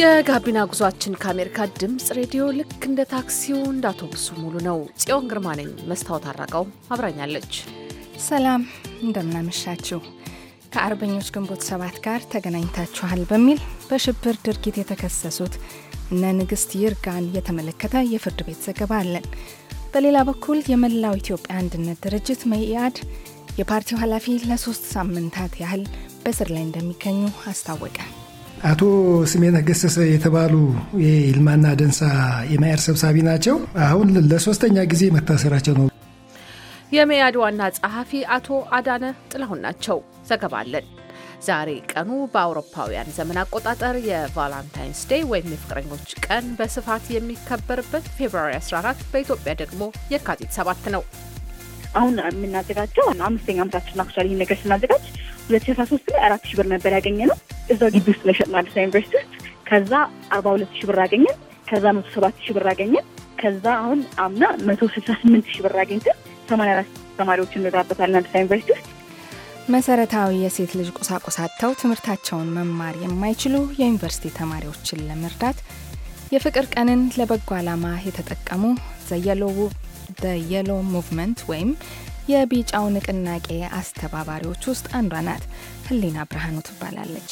የጋቢና ጉዟችን ከአሜሪካ ድምፅ ሬዲዮ ልክ እንደ ታክሲው እንደ አውቶቡሱ ሙሉ ነው። ጽዮን ግርማ ነኝ። መስታወት አራቀው አብራኛለች። ሰላም እንደምናመሻችው ከአርበኞች ግንቦት ሰባት ጋር ተገናኝታችኋል በሚል በሽብር ድርጊት የተከሰሱት እነ ንግሥት ይርጋን የተመለከተ የፍርድ ቤት ዘገባ አለን። በሌላ በኩል የመላው ኢትዮጵያ አንድነት ድርጅት መኢአድ የፓርቲው ኃላፊ ለሶስት ሳምንታት ያህል በእስር ላይ እንደሚገኙ አስታወቀ። አቶ ስሜነህ ገሰሰ የተባሉ የይልማና ደንሳ የመያድ ሰብሳቢ ናቸው። አሁን ለሶስተኛ ጊዜ መታሰራቸው ነው። የመያድ ዋና ጸሐፊ አቶ አዳነ ጥላሁን ናቸው። ዘገባ አለን። ዛሬ ቀኑ በአውሮፓውያን ዘመን አቆጣጠር የቫላንታይንስ ዴይ ወይም የፍቅረኞች ቀን በስፋት የሚከበርበት ፌብርዋሪ 14 በኢትዮጵያ ደግሞ የካቲት ሰባት ነው። አሁን የምናዘጋጀው አምስተኛ ዓመታችን ናክሻል ይህን ነገር ስናዘጋጅ ሁለት ሺ አስራ ሶስት ላይ አራት ሺ ብር ነበር ያገኘ ነው እዛው ግቢ ውስጥ ነው አዲስ አበባ ዩኒቨርሲቲ ውስጥ። ከዛ አርባ ሁለት ሺህ ብር አገኘን። ከዛ መቶ ሰባት ሺህ ብር አገኘን። ከዛ አሁን አምና መቶ ስልሳ ስምንት ሺህ ብር አገኝተን ሰማንያ አራት ተማሪዎች እንወጣበታለን አዲስ አበባ ዩኒቨርሲቲ ውስጥ። መሰረታዊ የሴት ልጅ ቁሳቁስ አጥተው ትምህርታቸውን መማር የማይችሉ የዩኒቨርሲቲ ተማሪዎችን ለመርዳት የፍቅር ቀንን ለበጎ ዓላማ የተጠቀሙ ዘየሎ ሙቭመንት ወይም የቢጫው ንቅናቄ አስተባባሪዎች ውስጥ አንዷ ናት። ህሊና ብርሃኑ ትባላለች።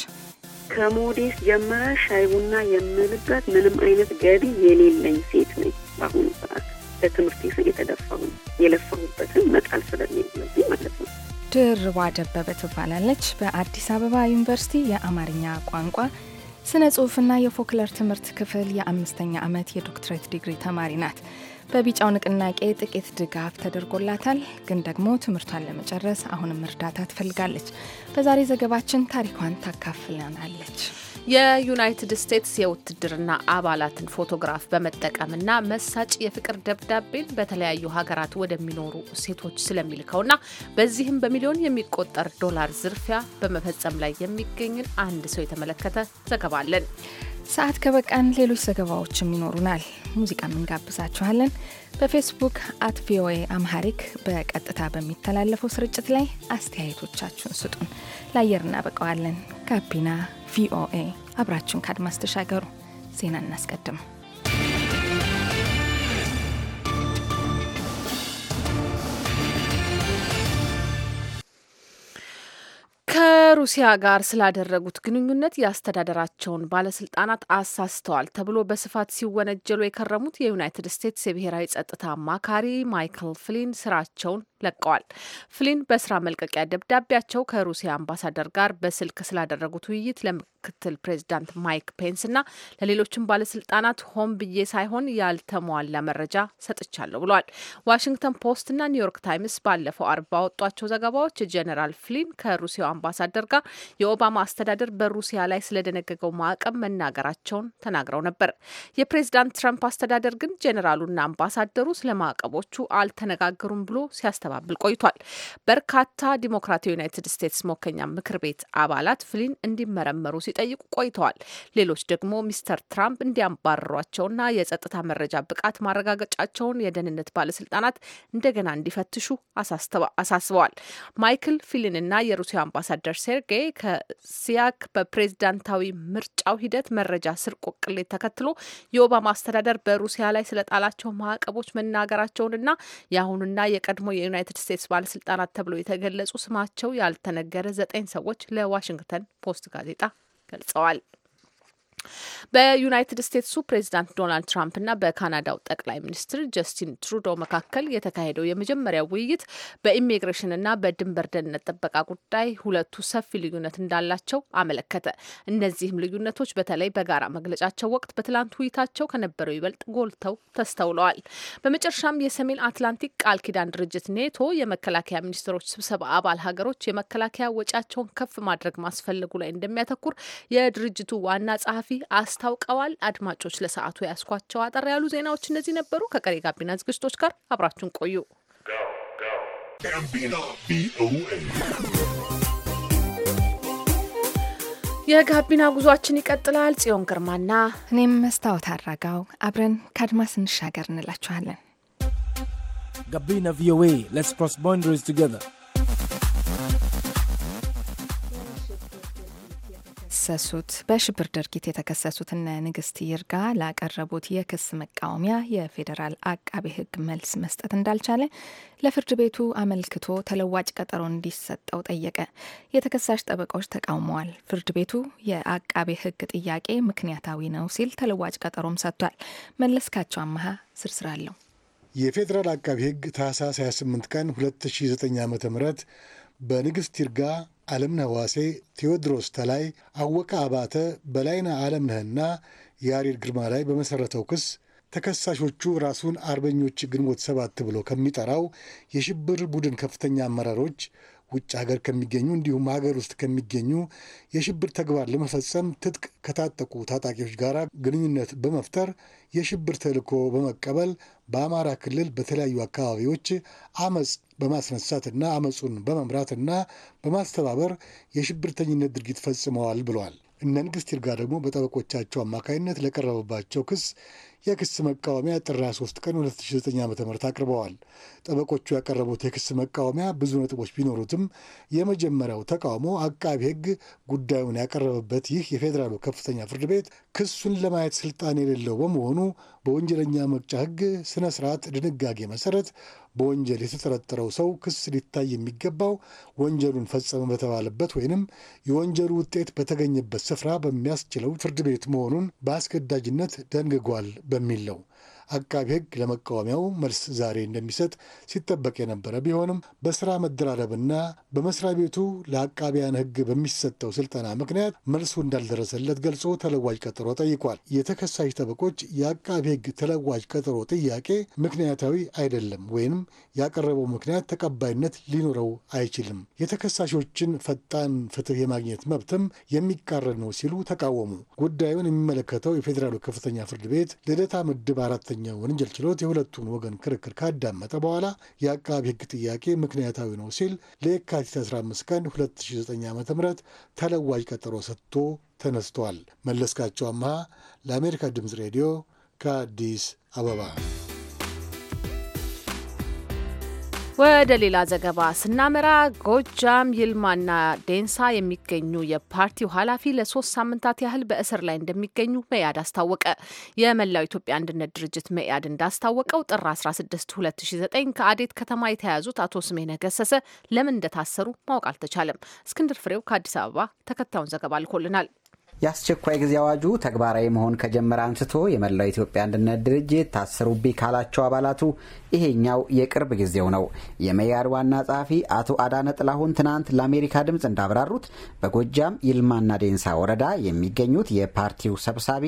ከሞዴስ ጀምረ ሻይ ቡና የምልበት ምንም አይነት ገቢ የሌለኝ ሴት ነኝ። በአሁኑ ሰዓት ለትምህርት ስ የተደፋሁ የለፋሁበትን መጣል ስለሚለዚህ ማለት ነው። ድርባ ደበበ ትባላለች። በአዲስ አበባ ዩኒቨርሲቲ የአማርኛ ቋንቋ ስነ ጽሁፍና የፎክለር ትምህርት ክፍል የአምስተኛ ዓመት የዶክትሬት ዲግሪ ተማሪ ናት። በቢጫው ንቅናቄ ጥቂት ድጋፍ ተደርጎላታል፣ ግን ደግሞ ትምህርቷን ለመጨረስ አሁንም እርዳታ ትፈልጋለች። በዛሬ ዘገባችን ታሪኳን ታካፍለናለች። የዩናይትድ ስቴትስ የውትድርና አባላትን ፎቶግራፍ በመጠቀምና መሳጭ የፍቅር ደብዳቤን በተለያዩ ሀገራት ወደሚኖሩ ሴቶች ስለሚልከውና በዚህም በሚሊዮን የሚቆጠር ዶላር ዝርፊያ በመፈጸም ላይ የሚገኝን አንድ ሰው የተመለከተ ዘገባ አለን። ሰዓት ከበቃን ሌሎች ዘገባዎችም ይኖሩናል። ሙዚቃም እንጋብዛችኋለን። በፌስቡክ አት ቪኦኤ አምሃሪክ በቀጥታ በሚተላለፈው ስርጭት ላይ አስተያየቶቻችሁን ስጡን። ለአየር እናበቀዋለን። ጋቢና ቪኦኤ አብራችሁን ከአድማስ ተሻገሩ። ዜና እናስቀድም። ከሩሲያ ጋር ስላደረጉት ግንኙነት የአስተዳደራቸውን ባለስልጣናት አሳስተዋል ተብሎ በስፋት ሲወነጀሉ የከረሙት የዩናይትድ ስቴትስ የብሔራዊ ጸጥታ አማካሪ ማይክል ፍሊን ስራቸውን ለቀዋል። ፍሊን በስራ መልቀቂያ ደብዳቤያቸው ከሩሲያ አምባሳደር ጋር በስልክ ስላደረጉት ውይይት ለምክትል ፕሬዚዳንት ማይክ ፔንስ እና ለሌሎችም ባለስልጣናት ሆን ብዬ ሳይሆን ያልተሟላ መረጃ ሰጥቻለሁ ብለዋል። ዋሽንግተን ፖስት እና ኒውዮርክ ታይምስ ባለፈው አርብ ባወጧቸው ዘገባዎች ጄኔራል ፍሊን ከሩሲያው አምባሳደር ጋር የኦባማ አስተዳደር በሩሲያ ላይ ስለደነገገው ማዕቀብ መናገራቸውን ተናግረው ነበር። የፕሬዚዳንት ትራምፕ አስተዳደር ግን ጄኔራሉና አምባሳደሩ ስለ ማዕቀቦቹ አልተነጋገሩም ብሎ ሲያስተ ሲያስተባብል ቆይቷል። በርካታ ዲሞክራት የዩናይትድ ስቴትስ መወከኛ ምክር ቤት አባላት ፍሊን እንዲመረመሩ ሲጠይቁ ቆይተዋል። ሌሎች ደግሞ ሚስተር ትራምፕ እንዲያባረሯቸውና የጸጥታ መረጃ ብቃት ማረጋገጫቸውን የደህንነት ባለስልጣናት እንደገና እንዲፈትሹ አሳስበዋል። ማይክል ፊሊንና የሩሲያ አምባሳደር ሴርጌይ ከሲያክ በፕሬዝዳንታዊ ምርጫው ሂደት መረጃ ስር ቅሌት ተከትሎ የኦባማ አስተዳደር በሩሲያ ላይ ስለጣላቸው ማዕቀቦች መናገራቸውንና የአሁኑና የቀድሞ የዩናይትድ የዩናይትድ ስቴትስ ባለስልጣናት ተብሎ የተገለጹ ስማቸው ያልተነገረ ዘጠኝ ሰዎች ለዋሽንግተን ፖስት ጋዜጣ ገልጸዋል። በዩናይትድ ስቴትሱ ፕሬዚዳንት ዶናልድ እና በካናዳው ጠቅላይ ሚኒስትር ጀስቲን ትሩዶ መካከል የተካሄደው የመጀመሪያ ውይይት በኢሚግሬሽን እና በድንበር ደህንነት ጥበቃ ጉዳይ ሁለቱ ሰፊ ልዩነት እንዳላቸው አመለከተ። እነዚህም ልዩነቶች በተለይ በጋራ መግለጫቸው ወቅት በትላንት ውይይታቸው ከነበረው ይበልጥ ጎልተው ተስተውለዋል። በመጨረሻም የሰሜን አትላንቲክ ቃል ኪዳን ድርጅት ኔቶ የመከላከያ ሚኒስትሮች ስብሰባ አባል ሀገሮች የመከላከያ ወጪያቸውን ከፍ ማድረግ ማስፈለጉ ላይ እንደሚያተኩር የድርጅቱ ዋና ጸሐፊ ኃላፊ አስታውቀዋል። አድማጮች ለሰዓቱ ያስኳቸው አጠር ያሉ ዜናዎች እነዚህ ነበሩ። ከቀሪ ጋቢና ዝግጅቶች ጋር አብራችሁን ቆዩ። የጋቢና ጉዟችን ይቀጥላል። ጽዮን ግርማና እኔም መስታወት አራጋው አብረን ከአድማስ እንሻገር እንላችኋለን። ጋቢና ቪኦኤ ሌትስ ክሮስ ባውንደሪስ ቱጌዘር የተከሰሱት በሽብር ድርጊት የተከሰሱት እነ ንግስት ይርጋ ላቀረቡት የክስ መቃወሚያ የፌዴራል አቃቤ ሕግ መልስ መስጠት እንዳልቻለ ለፍርድ ቤቱ አመልክቶ ተለዋጭ ቀጠሮ እንዲሰጠው ጠየቀ። የተከሳሽ ጠበቃዎች ተቃውመዋል። ፍርድ ቤቱ የአቃቤ ሕግ ጥያቄ ምክንያታዊ ነው ሲል ተለዋጭ ቀጠሮም ሰጥቷል። መለስካቸው አመሃ ዝርዝር የፌዴራል አቃቤ ሕግ ታህሳስ 28 ቀን 2009 ዓ.ም በንግሥት ይርጋ፣ አለምነህ ዋሴ፣ ቴዎድሮስ ተላይ፣ አወቀ አባተ፣ በላይነ አለምነህና የያሬድ ግርማ ላይ በመሠረተው ክስ ተከሳሾቹ ራሱን አርበኞች ግንቦት ሰባት ብሎ ከሚጠራው የሽብር ቡድን ከፍተኛ አመራሮች ውጭ ሀገር ከሚገኙ እንዲሁም ሀገር ውስጥ ከሚገኙ የሽብር ተግባር ለመፈጸም ትጥቅ ከታጠቁ ታጣቂዎች ጋር ግንኙነት በመፍጠር የሽብር ተልዕኮ በመቀበል በአማራ ክልል በተለያዩ አካባቢዎች አመፅ በማስነሳትና አመፁን በመምራትና በማስተባበር የሽብርተኝነት ድርጊት ፈጽመዋል ብለዋል። እነ ይርጋ ደግሞ በጠበቆቻቸው አማካይነት ለቀረበባቸው ክስ የክስ መቃወሚያ ጥር 23 ቀን 2009 ዓ ም አቅርበዋል። ጠበቆቹ ያቀረቡት የክስ መቃወሚያ ብዙ ነጥቦች ቢኖሩትም የመጀመሪያው ተቃውሞ አቃቢ ሕግ ጉዳዩን ያቀረበበት ይህ የፌዴራሉ ከፍተኛ ፍርድ ቤት ክሱን ለማየት ስልጣን የሌለው በመሆኑ በወንጀለኛ መቅጫ ሕግ ስነ ስርዓት ድንጋጌ መሰረት በወንጀል የተጠረጠረው ሰው ክስ ሊታይ የሚገባው ወንጀሉን ፈጸመ በተባለበት ወይንም የወንጀሉ ውጤት በተገኘበት ስፍራ በሚያስችለው ፍርድ ቤት መሆኑን በአስገዳጅነት ደንግጓል በሚል ነው። አቃቢ ሕግ ለመቃወሚያው መልስ ዛሬ እንደሚሰጥ ሲጠበቅ የነበረ ቢሆንም በስራ መደራረብና በመስሪያ ቤቱ ለአቃቢያን ሕግ በሚሰጠው ስልጠና ምክንያት መልሱ እንዳልደረሰለት ገልጾ ተለዋጅ ቀጠሮ ጠይቋል። የተከሳሽ ጠበቆች የአቃቢ ሕግ ተለዋጅ ቀጠሮ ጥያቄ ምክንያታዊ አይደለም ወይም ያቀረበው ምክንያት ተቀባይነት ሊኖረው አይችልም፣ የተከሳሾችን ፈጣን ፍትህ የማግኘት መብትም የሚቃረን ነው ሲሉ ተቃወሙ። ጉዳዩን የሚመለከተው የፌዴራሉ ከፍተኛ ፍርድ ቤት ልደታ ምድብ አራተኛ ከፍተኛ ወንጀል ችሎት የሁለቱን ወገን ክርክር ካዳመጠ በኋላ የአቃቢ ሕግ ጥያቄ ምክንያታዊ ነው ሲል ለየካቲት 15 ቀን 2009 ዓ ም ተለዋጅ ቀጠሮ ሰጥቶ ተነስተዋል። መለስካቸው አመሃ ለአሜሪካ ድምፅ ሬዲዮ ከአዲስ አበባ ወደ ሌላ ዘገባ ስናመራ ጎጃም ይልማና ዴንሳ የሚገኙ የፓርቲው ኃላፊ ለሶስት ሳምንታት ያህል በእስር ላይ እንደሚገኙ መያድ አስታወቀ። የመላው ኢትዮጵያ አንድነት ድርጅት መያድ እንዳስታወቀው ጥር 16 2009 ከአዴት ከተማ የተያዙት አቶ ስሜነህ ገሰሰ ለምን እንደታሰሩ ማወቅ አልተቻለም። እስክንድር ፍሬው ከአዲስ አበባ ተከታዩን ዘገባ ልኮልናል። የአስቸኳይ ጊዜ አዋጁ ተግባራዊ መሆን ከጀመረ አንስቶ የመላው ኢትዮጵያ አንድነት ድርጅት ታሰሩብኝ ካላቸው አባላቱ ይሄኛው የቅርብ ጊዜው ነው። የመያድ ዋና ጸሐፊ አቶ አዳነ ጥላሁን ትናንት ለአሜሪካ ድምፅ እንዳብራሩት በጎጃም ይልማና ዴንሳ ወረዳ የሚገኙት የፓርቲው ሰብሳቢ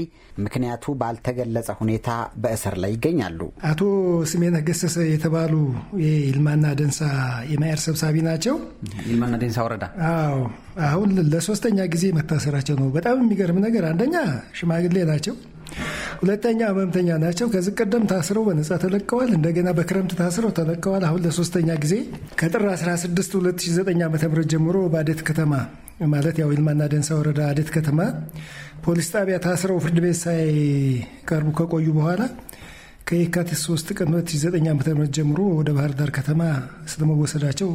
ምክንያቱ ባልተገለጸ ሁኔታ በእስር ላይ ይገኛሉ። አቶ ስሜነህ ገሰሰ የተባሉ የይልማና ደንሳ የመያድ ሰብሳቢ ናቸው። ይልማና ዴንሳ ወረዳ አዎ አሁን ለሶስተኛ ጊዜ መታሰራቸው ነው። በጣም የሚገርም ነገር አንደኛ ሽማግሌ ናቸው፣ ሁለተኛ ህመምተኛ ናቸው። ከዚህ ቀደም ታስረው በነጻ ተለቀዋል። እንደገና በክረምት ታስረው ተለቀዋል። አሁን ለሶስተኛ ጊዜ ከጥር 16 2009 ዓ ም ጀምሮ በአዴት ከተማ ማለት ያው ይልማና ደንሳ ወረዳ አዴት ከተማ ፖሊስ ጣቢያ ታስረው ፍርድ ቤት ሳይቀርቡ ከቆዩ በኋላ ከየካቲት 3 ቀን 2009 ዓ ም ጀምሮ ወደ ባህር ዳር ከተማ ስለመወሰዳቸው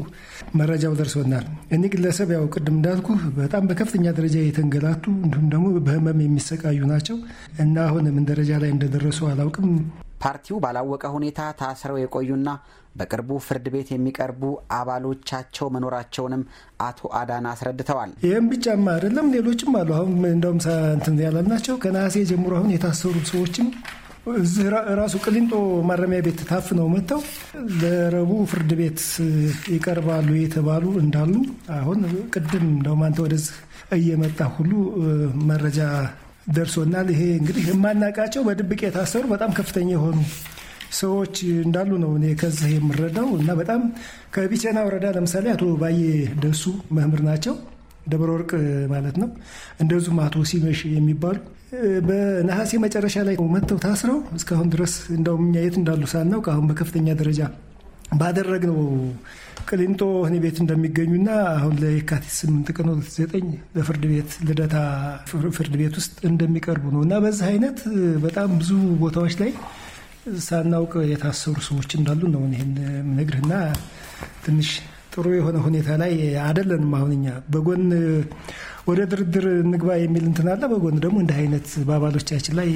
መረጃው ደርሶናል። እኒህ ግለሰብ ያው ቅድም እንዳልኩ በጣም በከፍተኛ ደረጃ የተንገላቱ እንዲሁም ደግሞ በህመም የሚሰቃዩ ናቸው እና አሁን ምን ደረጃ ላይ እንደደረሱ አላውቅም። ፓርቲው ባላወቀ ሁኔታ ታስረው የቆዩና በቅርቡ ፍርድ ቤት የሚቀርቡ አባሎቻቸው መኖራቸውንም አቶ አዳና አስረድተዋል። ይህም ብቻማ አይደለም፣ ሌሎችም አሉ። አሁን እንደውም እንትን ያላል ናቸው። ከነሐሴ ጀምሮ አሁን የታሰሩ ሰዎችም እዚህ ራሱ ቅሊንጦ ማረሚያ ቤት ታፍነው መጥተው ለረቡዕ ፍርድ ቤት ይቀርባሉ የተባሉ እንዳሉ አሁን ቅድም እንደውም አንተ ወደዚህ እየመጣ ሁሉ መረጃ ደርሶናል። ይሄ እንግዲህ የማናውቃቸው በድብቅ የታሰሩ በጣም ከፍተኛ የሆኑ ሰዎች እንዳሉ ነው እኔ ከዚህ የምረዳው እና በጣም ከቢቸና ወረዳ ለምሳሌ አቶ ባዬ ደሱ መምህር ናቸው። ደብረ ወርቅ ማለት ነው። እንደዚሁም አቶ ሲመሽ የሚባሉ በነሐሴ መጨረሻ ላይ መጥተው ታስረው እስካሁን ድረስ እንደውም እኛ የት እንዳሉ ሳናውቅ አሁን በከፍተኛ ደረጃ ባደረግነው ቅሊንጦ ወህኒ ቤት እንደሚገኙና አሁን ለየካቲት ስምንት ቀን ዘጠኝ በፍርድ ቤት ልደታ ፍርድ ቤት ውስጥ እንደሚቀርቡ ነው እና በዚህ አይነት በጣም ብዙ ቦታዎች ላይ ሳናውቅ የታሰሩ ሰዎች እንዳሉ ነው ይህን ነግርህና ትንሽ ጥሩ የሆነ ሁኔታ ላይ አደለንም። አሁን እኛ በጎን ወደ ድርድር እንግባ የሚል እንትን አለ። በጎን ደግሞ እንዲህ አይነት በአባሎቻችን ላይ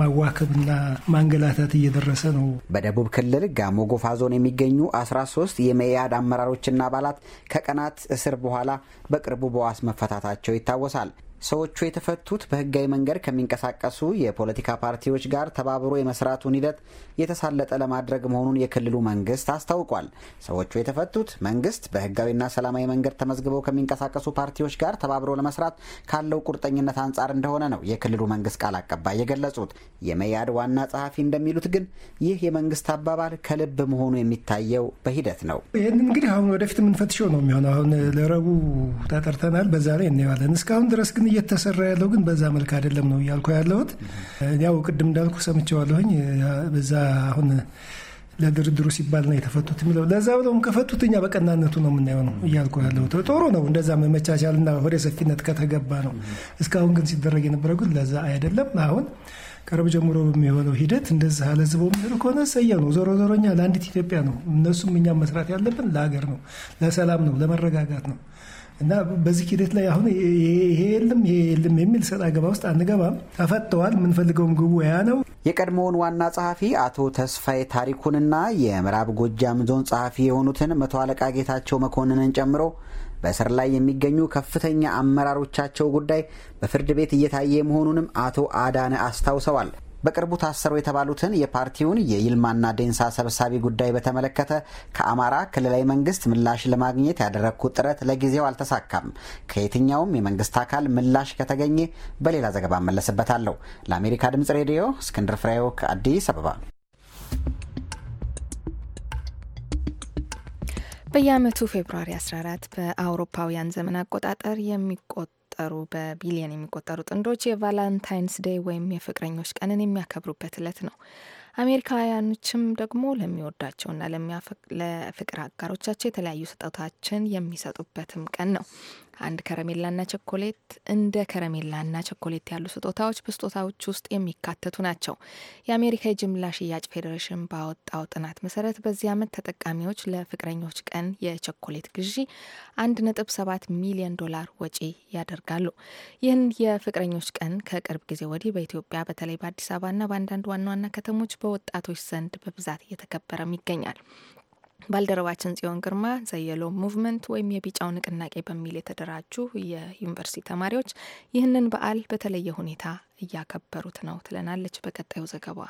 ማዋከብና ማንገላታት እየደረሰ ነው። በደቡብ ክልል ጋሞ ጎፋ ዞን የሚገኙ 13 የመኢአድ አመራሮችና አባላት ከቀናት እስር በኋላ በቅርቡ በዋስ መፈታታቸው ይታወሳል። ሰዎቹ የተፈቱት በህጋዊ መንገድ ከሚንቀሳቀሱ የፖለቲካ ፓርቲዎች ጋር ተባብሮ የመስራቱን ሂደት የተሳለጠ ለማድረግ መሆኑን የክልሉ መንግስት አስታውቋል። ሰዎቹ የተፈቱት መንግስት በህጋዊና ሰላማዊ መንገድ ተመዝግበው ከሚንቀሳቀሱ ፓርቲዎች ጋር ተባብሮ ለመስራት ካለው ቁርጠኝነት አንጻር እንደሆነ ነው የክልሉ መንግስት ቃል አቀባይ የገለጹት። የመያድ ዋና ጸሐፊ እንደሚሉት ግን ይህ የመንግስት አባባል ከልብ መሆኑ የሚታየው በሂደት ነው። ይህን እንግዲህ አሁን ወደፊት የምንፈትሸው ነው የሚሆነው። አሁን ለረቡዕ ተጠርተናል። በዛ ላይ እናየዋለን። እስካሁን ድረስ ግን እየተሰራ ያለው ግን በዛ መልክ አይደለም ነው እያልኩ ያለሁት። ያው ቅድም እንዳልኩ ሰምቼዋለሁኝ። በዛ አሁን ለድርድሩ ሲባል ነው የተፈቱት የሚለው ለዛ ብለውም ከፈቱት እኛ በቀናነቱ ነው የምናየው ነው እያልኩ ያለሁት። ጥሩ ነው እንደዛ መመቻቻልና ወደ ሰፊነት ከተገባ ነው። እስካሁን ግን ሲደረግ የነበረ ግን ለዛ አይደለም። አሁን ቀረብ ጀምሮ በሚሆነው ሂደት እንደዚህ አለዝቦ የሚል ከሆነ ሰየ ነው። ዞሮ ዞሮ እኛ ለአንዲት ኢትዮጵያ ነው እነሱም እኛም መስራት ያለብን ለሀገር ነው፣ ለሰላም ነው፣ ለመረጋጋት ነው። እና በዚህ ሂደት ላይ አሁን ይሄ የለም ይሄ የለም የሚል ሰጥ አገባ ውስጥ አንገባም። ተፈተዋል። የምንፈልገውም ግቡ ያ ነው። የቀድሞውን ዋና ጸሐፊ አቶ ተስፋዬ ታሪኩንና የምዕራብ ጎጃም ዞን ጸሐፊ የሆኑትን መቶ አለቃ ጌታቸው መኮንንን ጨምሮ በእስር ላይ የሚገኙ ከፍተኛ አመራሮቻቸው ጉዳይ በፍርድ ቤት እየታየ መሆኑንም አቶ አዳነ አስታውሰዋል። በቅርቡ ታሰሩ የተባሉትን የፓርቲውን የይልማና ዴንሳ ሰብሳቢ ጉዳይ በተመለከተ ከአማራ ክልላዊ መንግስት ምላሽ ለማግኘት ያደረግኩት ጥረት ለጊዜው አልተሳካም። ከየትኛውም የመንግስት አካል ምላሽ ከተገኘ በሌላ ዘገባ እመለስበታለሁ። ለአሜሪካ ድምጽ ሬዲዮ እስክንድር ፍሬው ከአዲስ አበባ። በየዓመቱ ፌብርዋሪ 14 በአውሮፓውያን ዘመን አቆጣጠር የሚቆ የሚቆጠሩ በቢሊየን የሚቆጠሩ ጥንዶች የቫላንታይንስ ዴይ ወይም የፍቅረኞች ቀንን የሚያከብሩበት እለት ነው። አሜሪካውያኖችም ደግሞ ለሚወዳቸውና ለፍቅር አጋሮቻቸው የተለያዩ ስጦታችን የሚሰጡበትም ቀን ነው። አንድ ከረሜላና ቸኮሌት እንደ ከረሜላና ቸኮሌት ያሉ ስጦታዎች በስጦታዎች ውስጥ የሚካተቱ ናቸው። የአሜሪካ የጅምላ ሽያጭ ፌዴሬሽን ባወጣው ጥናት መሰረት በዚህ ዓመት ተጠቃሚዎች ለፍቅረኞች ቀን የቸኮሌት ግዢ 1.7 ሚሊዮን ዶላር ወጪ ያደርጋሉ። ይህን የፍቅረኞች ቀን ከቅርብ ጊዜ ወዲህ በኢትዮጵያ በተለይ በአዲስ አበባና በአንዳንድ ዋና ዋና ከተሞች በወጣቶች ዘንድ በብዛት እየተከበረም ይገኛል። ባልደረባችን ጽዮን ግርማ ዘየሎ ሙቭመንት ወይም የቢጫው ንቅናቄ በሚል የተደራጁ የዩኒቨርሲቲ ተማሪዎች ይህንን በዓል በተለየ ሁኔታ እያከበሩት ነው ትለናለች በቀጣዩ ዘገባ።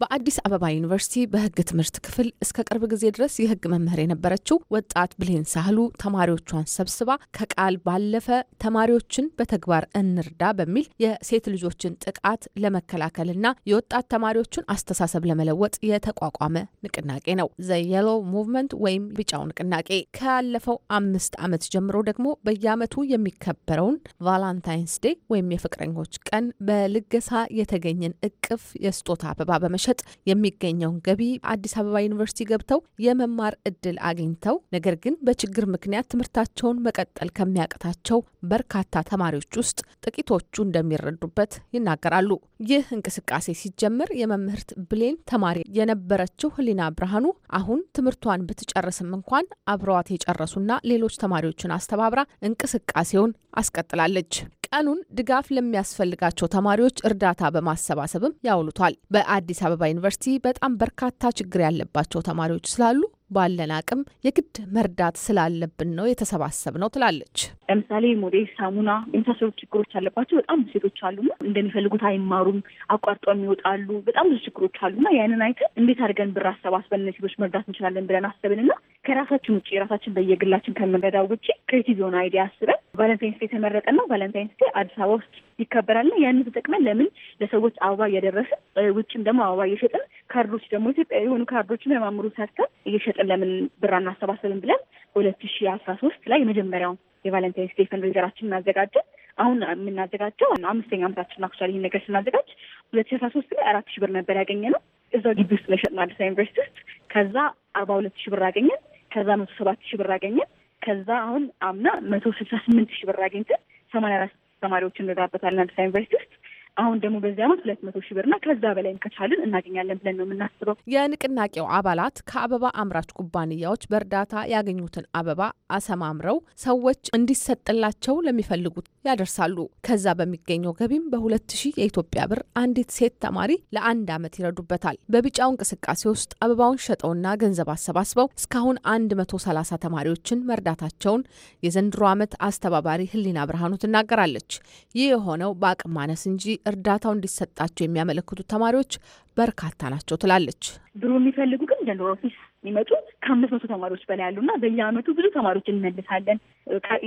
በአዲስ አበባ ዩኒቨርሲቲ በሕግ ትምህርት ክፍል እስከ ቅርብ ጊዜ ድረስ የሕግ መምህር የነበረችው ወጣት ብሌን ሳህሉ ተማሪዎቿን ሰብስባ ከቃል ባለፈ ተማሪዎችን በተግባር እንርዳ በሚል የሴት ልጆችን ጥቃት ለመከላከልና የወጣት ተማሪዎችን አስተሳሰብ ለመለወጥ የተቋቋመ ንቅናቄ ነው ዘ የሎ ሙቭመንት ወይም ቢጫው ንቅናቄ። ካለፈው አምስት ዓመት ጀምሮ ደግሞ በየዓመቱ የሚከበረውን ቫላንታይንስ ዴይ ወይም የፍቅረኞች ቀን በልገሳ የተገኘን እቅፍ የስጦታ አበባ በመ በመሸጥ የሚገኘውን ገቢ አዲስ አበባ ዩኒቨርሲቲ ገብተው የመማር እድል አግኝተው ነገር ግን በችግር ምክንያት ትምህርታቸውን መቀጠል ከሚያቅታቸው በርካታ ተማሪዎች ውስጥ ጥቂቶቹ እንደሚረዱበት ይናገራሉ። ይህ እንቅስቃሴ ሲጀምር የመምህርት ብሌን ተማሪ የነበረችው ህሊና ብርሃኑ አሁን ትምህርቷን ብትጨርስም እንኳን አብረዋት የጨረሱና ሌሎች ተማሪዎችን አስተባብራ እንቅስቃሴውን አስቀጥላለች። ቀኑን ድጋፍ ለሚያስፈልጋቸው ተማሪዎች እርዳታ በማሰባሰብም ያውሉቷል። በአዲስ አበባ ዩኒቨርሲቲ በጣም በርካታ ችግር ያለባቸው ተማሪዎች ስላሉ ባለን አቅም የግድ መርዳት ስላለብን ነው የተሰባሰብ ነው ትላለች። ለምሳሌ ሞዴል ሳሙና የመሳሰሉ ችግሮች ያለባቸው በጣም ሴቶች አሉና እንደሚፈልጉት አይማሩም፣ አቋርጠው የሚወጣሉ በጣም ብዙ ችግሮች አሉና ያንን አይተን እንዴት አድርገን ብር አሰባስበን ሴቶች መርዳት እንችላለን ብለን አሰብንና ከራሳችን ውጭ ራሳችን በየግላችን ከምንረዳው ውጭ ክሬቲቭ የሆነ አይዲያ አስበን ቫለንታይንስ ዴ የተመረጠ ነው። ቫለንታይንስ ዴ አዲስ አበባ ውስጥ ይከበራል። ያንን ተጠቅመን ለምን ለሰዎች አበባ እያደረስን ውጭም ደግሞ አበባ እየሸጥን ካርዶች ደግሞ ኢትዮጵያ የሆኑ ካርዶችን ለማምሩ ሰርተን እየሸጥን ለምን ብር አናሰባሰብን ብለን ሁለት ሺ አስራ ሶስት ላይ የመጀመሪያውን የቫለንታይንስ ዴ ፈንድሬዘራችን እናዘጋጀን። አሁን የምናዘጋጀው አምስተኛ ዓመታችን አክቹዋሊ ይህን ነገር ስናዘጋጅ ሁለት ሺ አስራ ሶስት ላይ አራት ሺ ብር ነበር ያገኘ ነው እዛው ግቢ ውስጥ ነው አዲስ ዩኒቨርሲቲ ውስጥ ከዛ አርባ ሁለት ሺ ብር አገኘን። ከዛ መቶ ሰባት ሺህ ብር አገኘን። ከዛ አሁን አምና መቶ ስልሳ ስምንት ሺህ ብር አግኝተን ሰማንያ አራት ተማሪዎች እንረዳበታለን አዲስ ዩኒቨርሲቲ ውስጥ አሁን ደግሞ በዚህ አመት ሁለት መቶ ሺህ ብርና ከዛ በላይም ከቻልን እናገኛለን ብለን ነው የምናስበው። የንቅናቄው አባላት ከአበባ አምራች ኩባንያዎች በእርዳታ ያገኙትን አበባ አሰማምረው ሰዎች እንዲሰጥላቸው ለሚፈልጉት ያደርሳሉ። ከዛ በሚገኘው ገቢም በሁለት ሺህ የኢትዮጵያ ብር አንዲት ሴት ተማሪ ለአንድ ዓመት ይረዱበታል። በቢጫው እንቅስቃሴ ውስጥ አበባውን ሸጠውና ገንዘብ አሰባስበው እስካሁን አንድ መቶ ሰላሳ ተማሪዎችን መርዳታቸውን የዘንድሮ ዓመት አስተባባሪ ህሊና ብርሃኑ ትናገራለች። ይህ የሆነው በአቅም ማነስ እንጂ እርዳታው እንዲሰጣቸው የሚያመለክቱ ተማሪዎች በርካታ ናቸው ትላለች። ብሩ የሚፈልጉ ግን ጀንደር ኦፊስ የሚመጡ ከአምስት መቶ ተማሪዎች በላይ ያሉና በየአመቱ ብዙ ተማሪዎች እንመልሳለን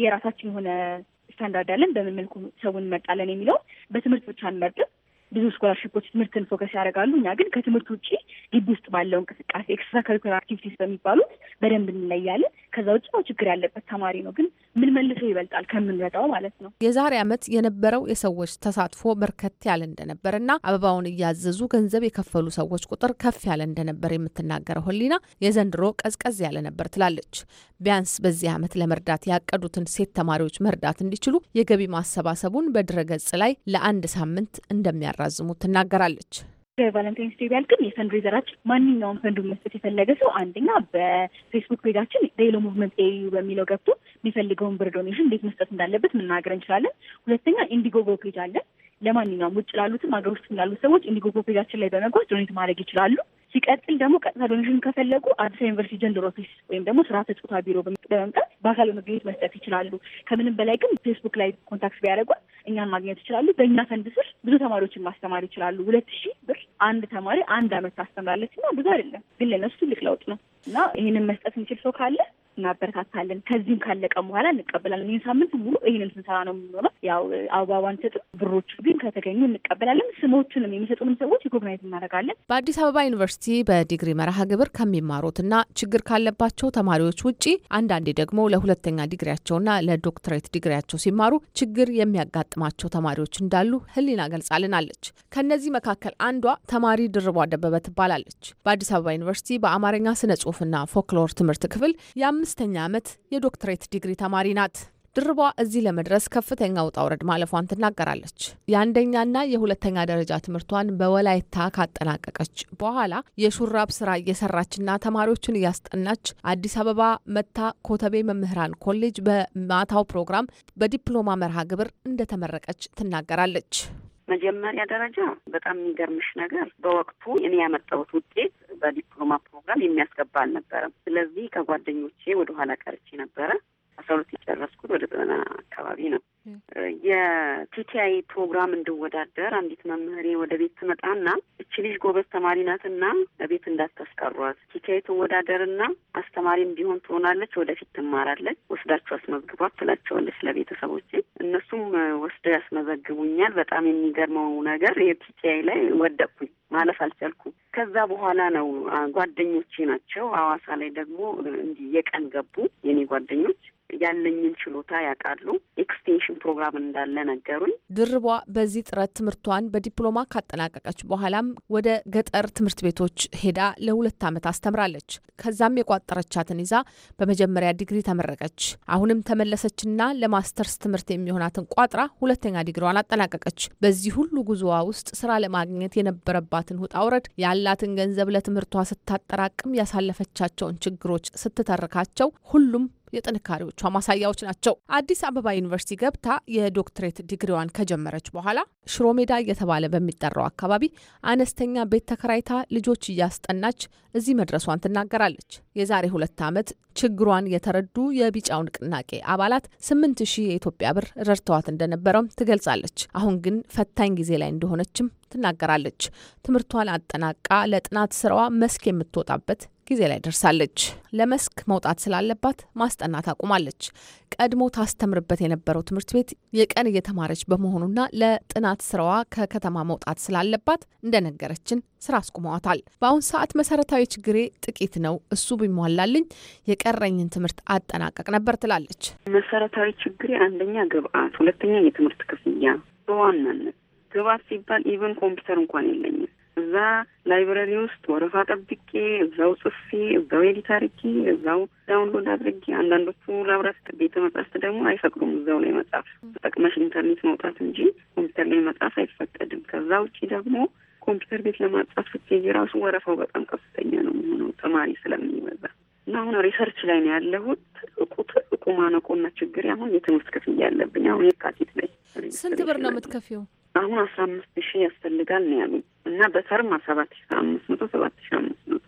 የራሳችን የሆነ ስታንዳርድ አለን፣ በምን መልኩ ሰውን እንመርጣለን የሚለው በትምህርት ብቻ አንመርጥም። ብዙ ስኮላርሽፖች ትምህርትን ፎከስ ያደርጋሉ። እኛ ግን ከትምህርት ውጭ ግቢ ውስጥ ባለው እንቅስቃሴ ኤክስትራ ከሪኩላር አክቲቪቲስ በሚባሉት በደንብ እንለያለን። ከዛ ውጭ ችግር ያለበት ተማሪ ነው ግን ምን መልሶ ይበልጣል ከምንረዳው ማለት ነው። የዛሬ ዓመት የነበረው የሰዎች ተሳትፎ በርከት ያለ እንደነበርና አበባውን እያዘዙ ገንዘብ የከፈሉ ሰዎች ቁጥር ከፍ ያለ እንደነበር የምትናገረው ህሊና የዘንድሮ ቀዝቀዝ ያለ ነበር ትላለች። ቢያንስ በዚህ ዓመት ለመርዳት ያቀዱትን ሴት ተማሪዎች መርዳት እንዲችሉ የገቢ ማሰባሰቡን በድረገጽ ላይ ለአንድ ሳምንት እንደሚያራዝሙ ትናገራለች። የቫለንታይንስ ስቴ ቢያልቅም የፈንድሬዘራችን ማንኛውም ፈንዱን መስጠት የፈለገ ሰው አንደኛ በፌስቡክ ፔጃችን ሌሎ ሙቭመንት ኤዩ በሚለው ገብቶ የሚፈልገውን ብር ዶኔሽን እንዴት መስጠት እንዳለበት መናገር እንችላለን። ሁለተኛ ኢንዲጎጎ ፔጅ አለን። ለማንኛውም ውጭ ላሉትም ሀገር ውስጥ ላሉት ሰዎች ኢንዲጎጎ ፔጃችን ላይ በመጓዝ ዶኔት ማድረግ ይችላሉ። ሲቀጥል ደግሞ ቀጥታ ዶኔሽን ከፈለጉ አዲስ አበባ ዩኒቨርሲቲ ጀንደር ኦፊስ ወይም ደግሞ ስራ ፆታ ቢሮ በመምጣት በአካል በመገኘት መስጠት ይችላሉ። ከምንም በላይ ግን ፌስቡክ ላይ ኮንታክት ቢያደርጓል እኛን ማግኘት ይችላሉ። በእኛ ፈንድ ስር ብዙ ተማሪዎችን ማስተማር ይችላሉ። ሁለት ሺህ ብር አንድ ተማሪ አንድ አመት ታስተምራለች እና ብዙ አይደለም፣ ግን ለነሱ ትልቅ ለውጥ ነው እና ይህንን መስጠት የሚችል ሰው ካለ እናበረታታለን። ከዚህም ካለቀም በኋላ እንቀበላለን። ይህን ሳምንት ሙሉ ይህንን ስንሰራ ነው የምንኖረው። ያው አበባ አንሰጥም፣ ብሮቹ ግን ከተገኙ እንቀበላለን። ስሞችንም የሚሰጡንም ሰዎች ሪኮግናይዝ እናደርጋለን። በአዲስ አበባ ዩኒቨርሲቲ በዲግሪ መርሃ ግብር ከሚማሩትና ችግር ካለባቸው ተማሪዎች ውጪ አንዳንዴ ደግሞ ለሁለተኛ ዲግሪያቸውና ለዶክትሬት ዲግሪያቸው ሲማሩ ችግር የሚያጋጥማቸው ተማሪዎች እንዳሉ ህሊና ገልጻልናለች። ከእነዚህ መካከል አንዷ ተማሪ ድርቧ ደበበ ትባላለች። በአዲስ አበባ ዩኒቨርሲቲ በአማርኛ ስነ ጽሁፍና ፎክሎር ትምህርት ክፍል አምስተኛ ዓመት የዶክትሬት ዲግሪ ተማሪ ናት። ድርቧ እዚህ ለመድረስ ከፍተኛ ውጣ ውረድ ማለፏን ትናገራለች። የአንደኛና የሁለተኛ ደረጃ ትምህርቷን በወላይታ ካጠናቀቀች በኋላ የሹራብ ስራ እየሰራችና ተማሪዎችን እያስጠናች አዲስ አበባ መታ ኮተቤ መምህራን ኮሌጅ በማታው ፕሮግራም በዲፕሎማ መርሃ ግብር እንደተመረቀች ትናገራለች። መጀመሪያ ደረጃ በጣም የሚገርምሽ ነገር በወቅቱ እኔ ያመጣሁት ውጤት በዲፕሎማ ፕሮግራም የሚያስገባ አልነበረም። ስለዚህ ከጓደኞቼ ወደ ኋላ ቀርቼ ነበረ። አስራ ሁለት የጨረስኩት ወደ ዘጠና አካባቢ ነው። የቲቲአይ ፕሮግራም እንድወዳደር አንዲት መምህሬ ወደ ቤት ትመጣና እቺ ልጅ ጎበዝ ተማሪ ናትና ቤት እንዳታስቀሯት፣ ቲቲአይ ትወዳደርና አስተማሪም ቢሆን ትሆናለች፣ ወደፊት ትማራለች፣ ወስዳችሁ አስመዝግቧት ትላቸዋለች ለቤተሰቦች እነሱም ወስደው ያስመዘግቡኛል። በጣም የሚገርመው ነገር የቲቲአይ ላይ ወደቅኩኝ፣ ማለፍ አልቻልኩም። ከዛ በኋላ ነው ጓደኞቼ ናቸው አዋሳ ላይ ደግሞ እንዲህ የቀን ገቡ የኔ ጓደኞች ያለኝን ችሎታ ያውቃሉ። ኤክስቴንሽን ፕሮግራም እንዳለ ነገሩኝ። ድርቧ በዚህ ጥረት ትምህርቷን በዲፕሎማ ካጠናቀቀች በኋላም ወደ ገጠር ትምህርት ቤቶች ሄዳ ለሁለት ዓመት አስተምራለች። ከዛም የቋጠረቻትን ይዛ በመጀመሪያ ዲግሪ ተመረቀች። አሁንም ተመለሰችና ለማስተርስ ትምህርት የሚሆናትን ቋጥራ ሁለተኛ ዲግሪዋን አጠናቀቀች። በዚህ ሁሉ ጉዞዋ ውስጥ ስራ ለማግኘት የነበረባትን ውጣ ውረድ፣ ያላትን ገንዘብ ለትምህርቷ ስታጠራቅም ያሳለፈቻቸውን ችግሮች ስትተርካቸው ሁሉም የጥንካሬዎቿ ማሳያዎች ናቸው። አዲስ አበባ ዩኒቨርሲቲ ገብታ የዶክትሬት ዲግሪዋን ከጀመረች በኋላ ሽሮሜዳ እየተባለ በሚጠራው አካባቢ አነስተኛ ቤት ተከራይታ ልጆች እያስጠናች እዚህ መድረሷን ትናገራለች። የዛሬ ሁለት ዓመት ችግሯን የተረዱ የቢጫው ንቅናቄ አባላት ስምንት ሺህ የኢትዮጵያ ብር ረድተዋት እንደነበረም ትገልጻለች። አሁን ግን ፈታኝ ጊዜ ላይ እንደሆነችም ትናገራለች። ትምህርቷን አጠናቃ ለጥናት ስራዋ መስክ የምትወጣበት ጊዜ ላይ ደርሳለች። ለመስክ መውጣት ስላለባት ማስጠናት አቁማለች። ቀድሞ ታስተምርበት የነበረው ትምህርት ቤት የቀን እየተማረች በመሆኑና ለጥናት ስራዋ ከከተማ መውጣት ስላለባት እንደነገረችን ስራ አስቁመዋታል። በአሁን ሰዓት መሰረታዊ ችግሬ ጥቂት ነው፣ እሱ ቢሟላልኝ የቀረኝን ትምህርት አጠናቀቅ ነበር ትላለች። መሰረታዊ ችግሬ አንደኛ ግብአት፣ ሁለተኛ የትምህርት ክፍያ በዋናነት ግባት ሲባል ኢቨን ኮምፒውተር እንኳን የለኝም። እዛ ላይብረሪ ውስጥ ወረፋ ጠብቄ እዛው ጽፌ እዛው ኤዲት አድርጌ እዛው ዳውንሎድ አድርጌ አንዳንዶቹ ላብራሪ ቤተ መጻሕፍት ደግሞ አይፈቅዱም። እዛው ላይ መጻፍ ተጠቅመሽ ኢንተርኔት መውጣት እንጂ ኮምፒውተር ላይ መጻፍ አይፈቀድም። ከዛ ውጪ ደግሞ ኮምፒውተር ቤት ለማጻፍ ስትሄጂ ራሱ ወረፋው በጣም ከፍተኛ ነው የሚሆነው ተማሪ ስለሚበዛ እና አሁን ሪሰርች ላይ ነው ያለሁት። ትልቁ ትልቁ ማነቆና ችግር አሁን የትምህርት ክፍያ ያለብኝ አሁን የካቲት ላይ ስንት ብር ነው የምትከፊው? አሁን አስራ አምስት ሺህ ያስፈልጋል ነው ያሉኝ እና በተርም ሰባት ሺ አምስት መቶ ሰባት ሺ አምስት መቶ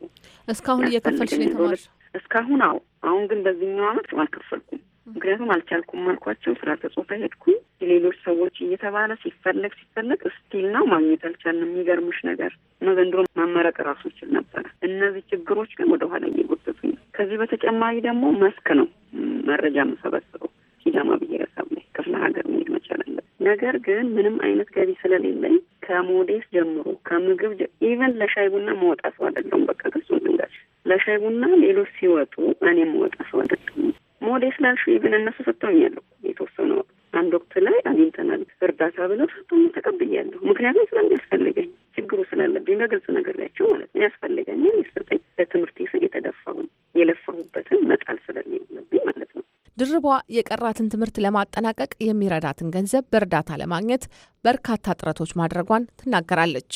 እስካሁን እየከፈልሽ ነው የተማርሽ? እስካሁን አዎ። አሁን ግን በዚህኛው አመት አልከፈልኩም። ምክንያቱም አልቻልኩም አልኳቸው። ስራ ተጽፈ ሄድኩኝ። ሌሎች ሰዎች እየተባለ ሲፈለግ ሲፈለግ ስቲል ነው ማግኘት አልቻልንም። የሚገርምሽ ነገር ነው ዘንድሮ ማመረቅ ራሱ ይችል ነበረ። እነዚህ ችግሮች ግን ወደኋላ እየጎተቱኝ። ከዚህ በተጨማሪ ደግሞ መስክ ነው መረጃ መሰበሰበው ነገር ግን ምንም አይነት ገቢ ስለሌለኝ ከሞዴስ ጀምሮ ከምግብ ኢቨን ለሻይ ቡና መወጣ ሰው አይደለሁም። በቃ ግልጽ ልንገር፣ ለሻይ ቡና ሌሎች ሲወጡ እኔ መወጣ ሰው አይደለሁም። ሞዴስ ላልሹ ኢቨን እነሱ ሰጥተውኛል። የተወሰነ አንድ ወቅት ላይ አግኝተናል እርዳታ ብለው ሰጥተው ተቀብያለሁ። ምክንያቱም ስለሚያስፈልገኝ ችግሩ ስላለብኝ በግልጽ ነገር ላቸው ማለት ነው ያስፈልገኛል። ይሰጠኝ ለትምህርት የተደፋውን የለፋሁበትን መጣል ስለሚ ድርቧ የቀራትን ትምህርት ለማጠናቀቅ የሚረዳትን ገንዘብ በእርዳታ ለማግኘት በርካታ ጥረቶች ማድረጓን ትናገራለች።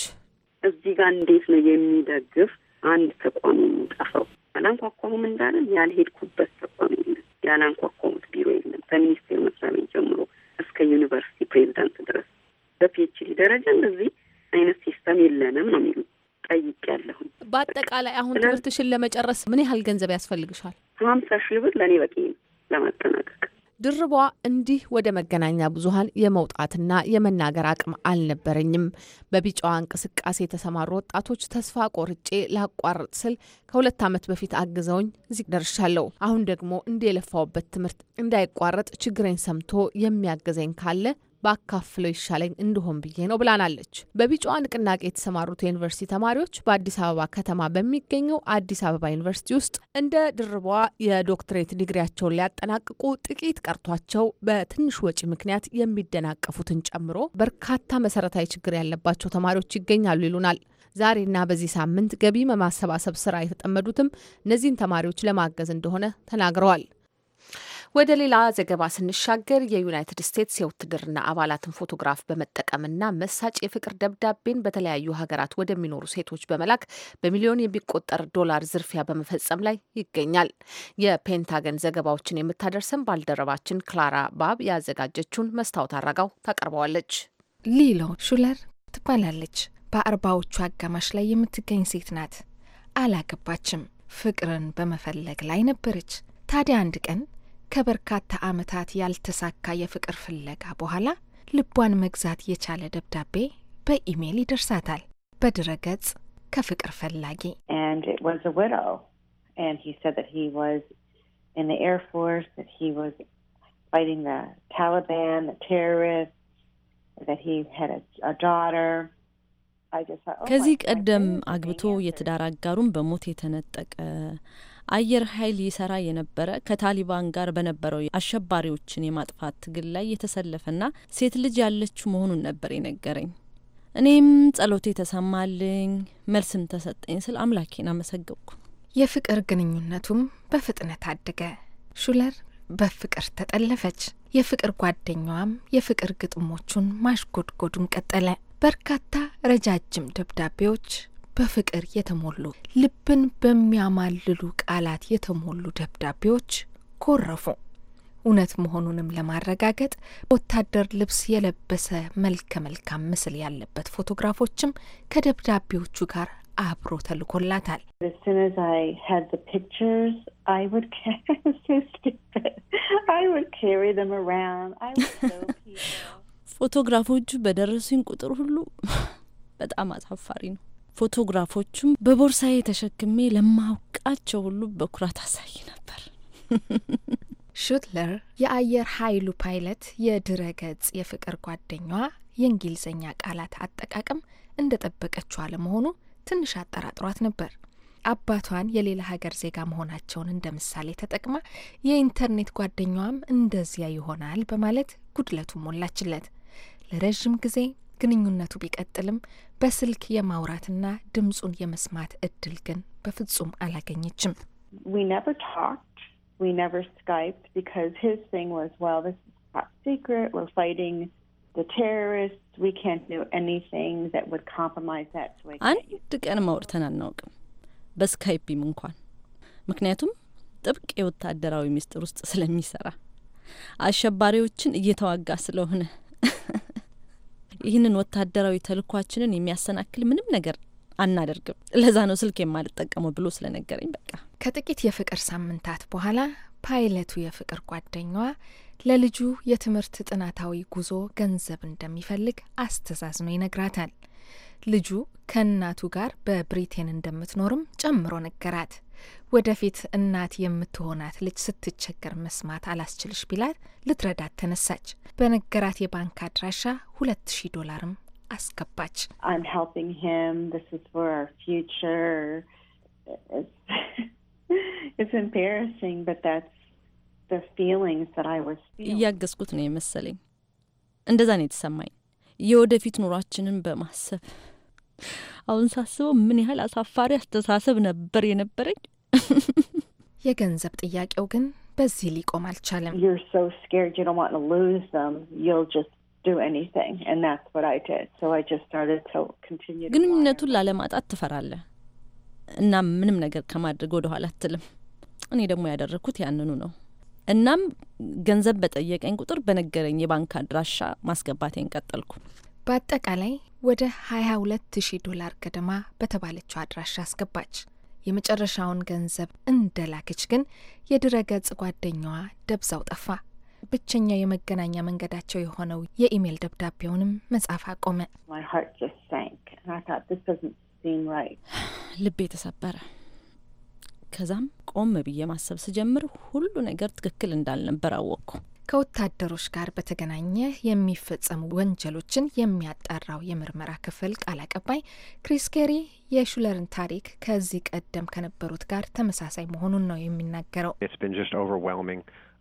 እዚህ ጋር እንዴት ነው የሚደግፍ አንድ ተቋም የሚጠፋው? አላንኳኳሙም እንዳለን ያልሄድኩበት ተቋም የለም። ያላንኳኳሙት ቢሮ የለም። ከሚኒስቴር መስሪያ ቤት ጀምሮ እስከ ዩኒቨርሲቲ ፕሬዚዳንት ድረስ በፒኤችዲ ደረጃ እንደዚህ አይነት ሲስተም የለንም ነው የሚሉ ጠይቅ ያለሁን። በአጠቃላይ አሁን ትምህርትሽን ለመጨረስ ምን ያህል ገንዘብ ያስፈልግሻል? ሀምሳ ሺህ ብር ለእኔ በቂ ነው። ለማጠናቀቅ ድርቧ እንዲህ ወደ መገናኛ ብዙኃን የመውጣትና የመናገር አቅም አልነበረኝም። በቢጫዋ እንቅስቃሴ የተሰማሩ ወጣቶች ተስፋ ቆርጬ ላቋርጥ ስል ከሁለት ዓመት በፊት አግዘውኝ እዚህ ደርሻለሁ። አሁን ደግሞ እንደ የለፋውበት ትምህርት እንዳይቋረጥ ችግሬን ሰምቶ የሚያግዘኝ ካለ ባካፍለው ይሻለኝ እንደሆን ብዬ ነው ብላናለች። በቢጫዋ ንቅናቄ የተሰማሩት የዩኒቨርሲቲ ተማሪዎች በአዲስ አበባ ከተማ በሚገኘው አዲስ አበባ ዩኒቨርሲቲ ውስጥ እንደ ድርቧ የዶክትሬት ዲግሪያቸውን ሊያጠናቅቁ ጥቂት ቀርቷቸው በትንሽ ወጪ ምክንያት የሚደናቀፉትን ጨምሮ በርካታ መሰረታዊ ችግር ያለባቸው ተማሪዎች ይገኛሉ ይሉናል። ዛሬና በዚህ ሳምንት ገቢ በማሰባሰብ ስራ የተጠመዱትም እነዚህን ተማሪዎች ለማገዝ እንደሆነ ተናግረዋል። ወደ ሌላ ዘገባ ስንሻገር የዩናይትድ ስቴትስ የውትድርና አባላትን ፎቶግራፍ በመጠቀምና መሳጭ የፍቅር ደብዳቤን በተለያዩ ሀገራት ወደሚኖሩ ሴቶች በመላክ በሚሊዮን የሚቆጠር ዶላር ዝርፊያ በመፈጸም ላይ ይገኛል። የፔንታገን ዘገባዎችን የምታደርሰን ባልደረባችን ክላራ ባብ ያዘጋጀችውን መስታወት አራጋው ታቀርበዋለች። ሊሎ ሹለር ትባላለች። በአርባዎቹ አጋማሽ ላይ የምትገኝ ሴት ናት። አላገባችም። ፍቅርን በመፈለግ ላይ ነበረች። ታዲያ አንድ ቀን ከበርካታ ዓመታት ያልተሳካ የፍቅር ፍለጋ በኋላ ልቧን መግዛት የቻለ ደብዳቤ በኢሜይል ይደርሳታል። በድረገጽ ከፍቅር ፈላጊ ከዚህ ቀደም አግብቶ የትዳር አጋሩን በሞት የተነጠቀ አየር ኃይል ይሰራ የነበረ ከታሊባን ጋር በነበረው አሸባሪዎችን የማጥፋት ትግል ላይ የተሰለፈና ሴት ልጅ ያለችው መሆኑን ነበር የነገረኝ። እኔም ጸሎቴ ተሰማልኝ፣ መልስም ተሰጠኝ ስል አምላኬን አመሰገብኩ። የፍቅር ግንኙነቱም በፍጥነት አደገ። ሹለር በፍቅር ተጠለፈች። የፍቅር ጓደኛዋም የፍቅር ግጥሞቹን ማሽጎድጎዱን ቀጠለ። በርካታ ረጃጅም ደብዳቤዎች በፍቅር የተሞሉ ልብን በሚያማልሉ ቃላት የተሞሉ ደብዳቤዎች ኮረፉ። እውነት መሆኑንም ለማረጋገጥ ወታደር ልብስ የለበሰ መልከ መልካም ምስል ያለበት ፎቶግራፎችም ከደብዳቤዎቹ ጋር አብሮ ተልኮላታል። ፎቶግራፎቹ በደረሱኝ ቁጥር ሁሉ በጣም አሳፋሪ ነው ፎቶግራፎቹም በቦርሳዬ ተሸክሜ ለማውቃቸው ሁሉ በኩራት አሳይ ነበር። ሹትለር የአየር ኃይሉ ፓይለት የድረ ገጽ የፍቅር ጓደኛዋ የእንግሊዝኛ ቃላት አጠቃቀም እንደ ጠበቀችው አለመሆኑ ትንሽ አጠራጥሯት ነበር። አባቷን የሌላ ሀገር ዜጋ መሆናቸውን እንደ ምሳሌ ተጠቅማ የኢንተርኔት ጓደኛዋም እንደዚያ ይሆናል በማለት ጉድለቱ ሞላችለት። ለረዥም ጊዜ ግንኙነቱ ቢቀጥልም በስልክ የማውራትና ድምፁን የመስማት እድል ግን በፍጹም አላገኘችም። አንድ ቀን ማውርተን አናውቅም፣ በስካይፒም እንኳን ምክንያቱም ጥብቅ የወታደራዊ ምስጢር ውስጥ ስለሚሰራ አሸባሪዎችን እየተዋጋ ስለሆነ ይህንን ወታደራዊ ተልኳችንን የሚያሰናክል ምንም ነገር አናደርግም፣ ለዛ ነው ስልክ የማልጠቀመው ብሎ ስለነገረኝ በቃ ከጥቂት የፍቅር ሳምንታት በኋላ ፓይለቱ የፍቅር ጓደኛዋ ለልጁ የትምህርት ጥናታዊ ጉዞ ገንዘብ እንደሚፈልግ አስተዛዝኖ ይነግራታል። ልጁ ከእናቱ ጋር በብሪቴን እንደምትኖርም ጨምሮ ነገራት። ወደፊት እናት የምትሆናት ልጅ ስትቸገር መስማት አላስችልሽ ቢላት ልትረዳት ተነሳች። በነገራት የባንክ አድራሻ ሁለት ሺህ ዶላርም አስገባች። እያገዝኩት ነው የመሰለኝ። እንደዛ ነው የተሰማኝ የወደፊት ኑሯችንን በማሰብ አሁን ሳስበው ምን ያህል አሳፋሪ አስተሳሰብ ነበር የነበረኝ። የገንዘብ ጥያቄው ግን በዚህ ሊቆም አልቻለም። ግንኙነቱን ላለማጣት ትፈራለህ እና ምንም ነገር ከማድረግ ወደ ኋላ አትልም። እኔ ደግሞ ያደረግኩት ያንኑ ነው። እናም ገንዘብ በጠየቀኝ ቁጥር በነገረኝ የባንክ አድራሻ ማስገባቴን ቀጠልኩ። በአጠቃላይ ወደ 22000 ዶላር ገደማ በተባለችው አድራሻ አስገባች። የመጨረሻውን ገንዘብ እንደላከች ግን የድረገጽ ጓደኛዋ ደብዛው ጠፋ። ብቸኛ የመገናኛ መንገዳቸው የሆነው የኢሜል ደብዳቤውንም መጻፍ አቆመ። ልቤ ተሰበረ። ከዛም ቆም ብዬ ማሰብ ስጀምር ሁሉ ነገር ትክክል እንዳልነበር አወቅኩ። ከወታደሮች ጋር በተገናኘ የሚፈጸሙ ወንጀሎችን የሚያጣራው የምርመራ ክፍል ቃል አቀባይ ክሪስ ኬሪ የሹለርን ታሪክ ከዚህ ቀደም ከነበሩት ጋር ተመሳሳይ መሆኑን ነው የሚናገረው።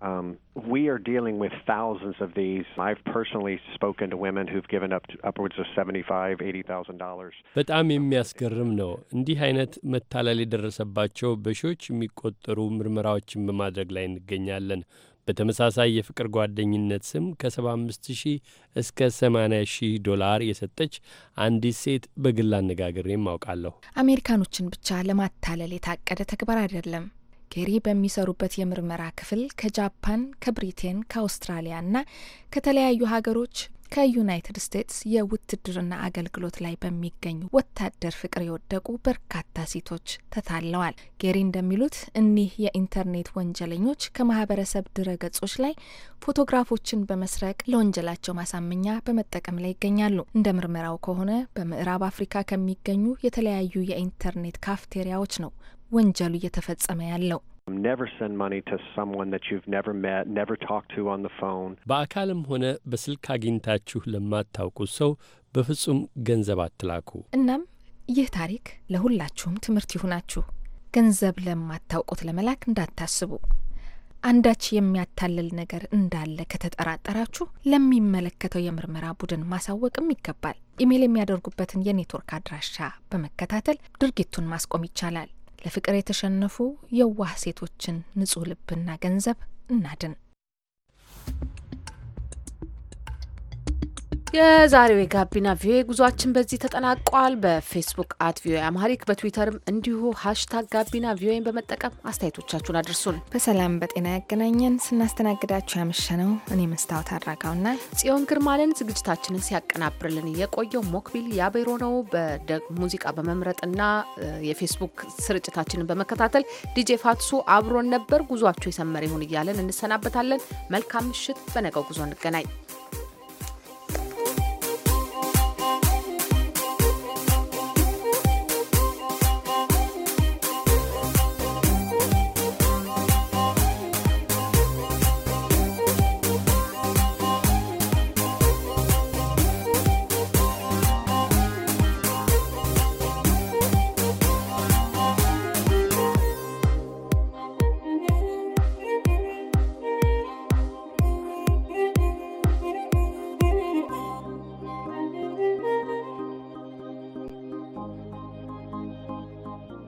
Um, we are dealing with thousands of these. I've personally spoken to women who've given up upwards of በጣም የሚያስገርም ነው። እንዲህ አይነት መታለል የደረሰባቸው በሺዎች የሚቆጠሩ ምርመራዎችን በማድረግ ላይ እንገኛለን። በተመሳሳይ የፍቅር ጓደኝነት ስም ከ75 ሺህ እስከ 80 ሺህ ዶላር የሰጠች አንዲት ሴት በግል አነጋግሬም አውቃለሁ። አሜሪካኖችን ብቻ ለማታለል የታቀደ ተግባር አይደለም። ጌሪ በሚሰሩበት የምርመራ ክፍል ከጃፓን፣ ከብሪቴን፣ ከአውስትራሊያ እና ከተለያዩ ሀገሮች ከዩናይትድ ስቴትስ የውትድርና አገልግሎት ላይ በሚገኙ ወታደር ፍቅር የወደቁ በርካታ ሴቶች ተታለዋል። ጌሪ እንደሚሉት እኒህ የኢንተርኔት ወንጀለኞች ከማህበረሰብ ድረገጾች ላይ ፎቶግራፎችን በመስረቅ ለወንጀላቸው ማሳመኛ በመጠቀም ላይ ይገኛሉ። እንደ ምርመራው ከሆነ በምዕራብ አፍሪካ ከሚገኙ የተለያዩ የኢንተርኔት ካፍቴሪያዎች ነው ወንጀሉ እየተፈጸመ ያለው። never send money to someone that you've never met, never talked to on the phone. በአካልም ሆነ በስልክ አግኝታችሁ ለማታውቁት ሰው በፍጹም ገንዘብ አትላኩ። እናም ይህ ታሪክ ለሁላችሁም ትምህርት ይሁናችሁ። ገንዘብ ለማታውቁት ለመላክ እንዳታስቡ። አንዳች የሚያታልል ነገር እንዳለ ከተጠራጠራችሁ ለሚመለከተው የምርመራ ቡድን ማሳወቅም ይገባል። ኢሜይል የሚያደርጉበትን የኔትወርክ አድራሻ በመከታተል ድርጊቱን ማስቆም ይቻላል። ለፍቅር የተሸነፉ የዋህ ሴቶችን ንጹህ ልብና ገንዘብ እናድን። የዛሬው የጋቢና ቪኦኤ ጉዟችን በዚህ ተጠናቋል። በፌስቡክ አት ቪኦኤ አማሪክ በትዊተርም እንዲሁ ሀሽታግ ጋቢና ቪኦኤን በመጠቀም አስተያየቶቻችሁን አድርሱን። በሰላም በጤና ያገናኘን። ስናስተናግዳችሁ ያመሸነው እኔ መስታወት አድራጋውና ጽዮን ግርማልን ዝግጅታችንን ሲያቀናብርልን የቆየው ሞክቢል ያቤሮ ነው። ሙዚቃ በመምረጥና የፌስቡክ ስርጭታችንን በመከታተል ዲጄ ፋትሱ አብሮን ነበር። ጉዟችሁ የሰመረ ይሁን እያለን እንሰናበታለን። መልካም ምሽት። በነገው ጉዞ እንገናኝ።